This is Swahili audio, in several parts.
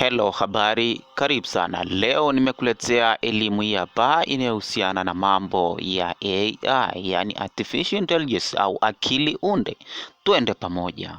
Hello, habari, karibu sana. Leo nimekuletea elimu ya hapa inayohusiana na mambo ya AI, yani artificial intelligence au akili unde. Twende pamoja.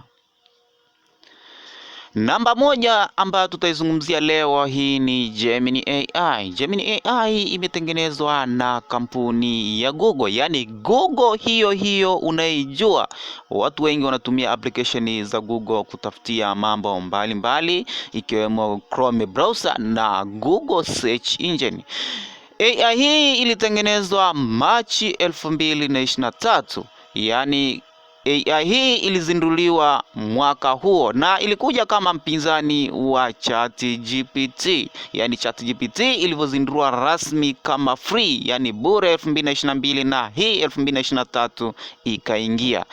Namba moja ambayo tutaizungumzia leo hii ni Gemini AI. Gemini AI imetengenezwa na kampuni ya Google, yaani Google hiyo hiyo unaijua. Watu wengi wanatumia application za Google kutafutia mambo mbalimbali ikiwemo Chrome browser na Google search engine. AI hii ilitengenezwa Machi 2023 Yaani AI hii ilizinduliwa mwaka huo na ilikuja kama mpinzani wa ChatGPT, yani ChatGPT ilivyozindua rasmi kama free, yani bure 2022 na hii 2023 ikaingia.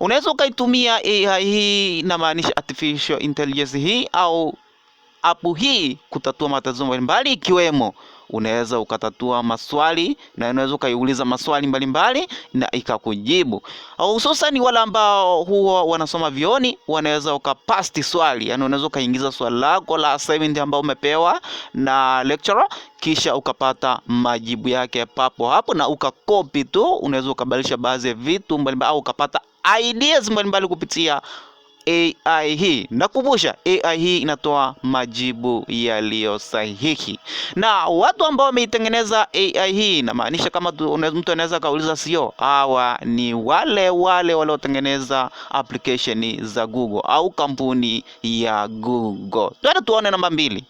Unaweza ukaitumia AI hii, inamaanisha artificial intelligence hii au apu hii kutatua matatizo mbalimbali ikiwemo unaweza ukatatua maswali na unaweza ukaiuliza maswali mbalimbali mbali, na ikakujibu. Hususan wale ambao huwa wanasoma vioni, wanaweza ukapasti swali, yani unaweza ukaingiza swali lako la assignment ambao umepewa na lecturer, kisha ukapata majibu yake papo hapo na ukakopi tu. Unaweza ukabadilisha baadhi ya vitu mbalimbali au ukapata ideas mbalimbali kupitia AI hii. Nakumbusha, AI hii inatoa majibu yaliyo sahihi, na watu ambao wameitengeneza AI hii, inamaanisha kama mtu anaweza kauliza, sio hawa ni wale wale waliotengeneza application za Google au kampuni ya Google. Twende tuone namba mbili.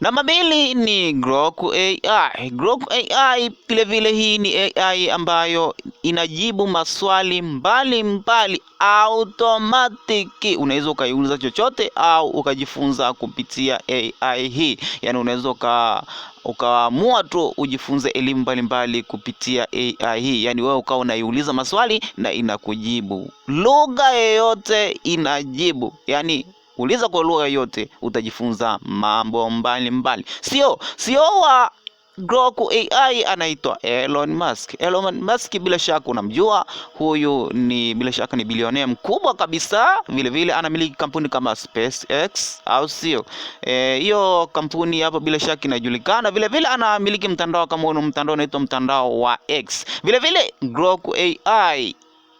Namba mbili ni Grok AI. Grok AI vilevile hii ni AI ambayo inajibu maswali mbalimbali automatic. Unaweza ukaiuliza chochote au ukajifunza kupitia AI hii, yaani unaweza uka ukaamua tu ujifunze elimu mbalimbali kupitia AI hii, yaani wewe ukawa unaiuliza maswali na inakujibu lugha yoyote, inajibu yaani uliza kwa lugha yote, utajifunza mambo mbalimbali. Sio sio wa Grok AI anaitwa Elon Musk. Elon Musk bila shaka unamjua, huyu ni bila shaka ni bilionea mkubwa kabisa, vile vile anamiliki kampuni kama SpaceX au sio? E, hiyo e, kampuni hapo bila shaka inajulikana, vile vile anamiliki mtandao kama huo, mtandao unaitwa mtandao wa X. Vile vile Grok AI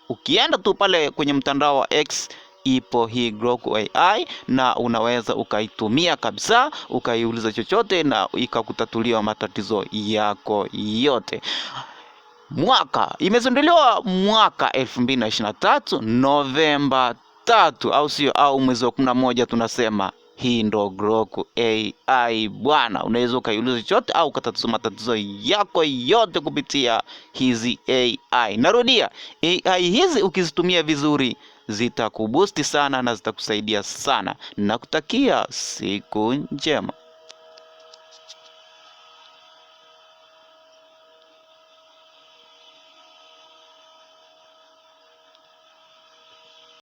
ukienda tu pale kwenye mtandao wa X ipo hii Grok AI na unaweza ukaitumia kabisa, ukaiuliza chochote na ikakutatuliwa matatizo yako yote. Mwaka imezinduliwa mwaka 2023 na na tatu Novemba tatu, au sio? Au mwezi wa kumi na moja tunasema hii ndo Grok AI bwana, unaweza ukaiuliza chochote au ukatatuza matatizo yako yote kupitia hizi AI. Narudia, AI hizi ukizitumia vizuri zitakubusti sana na zitakusaidia sana. Nakutakia siku njema.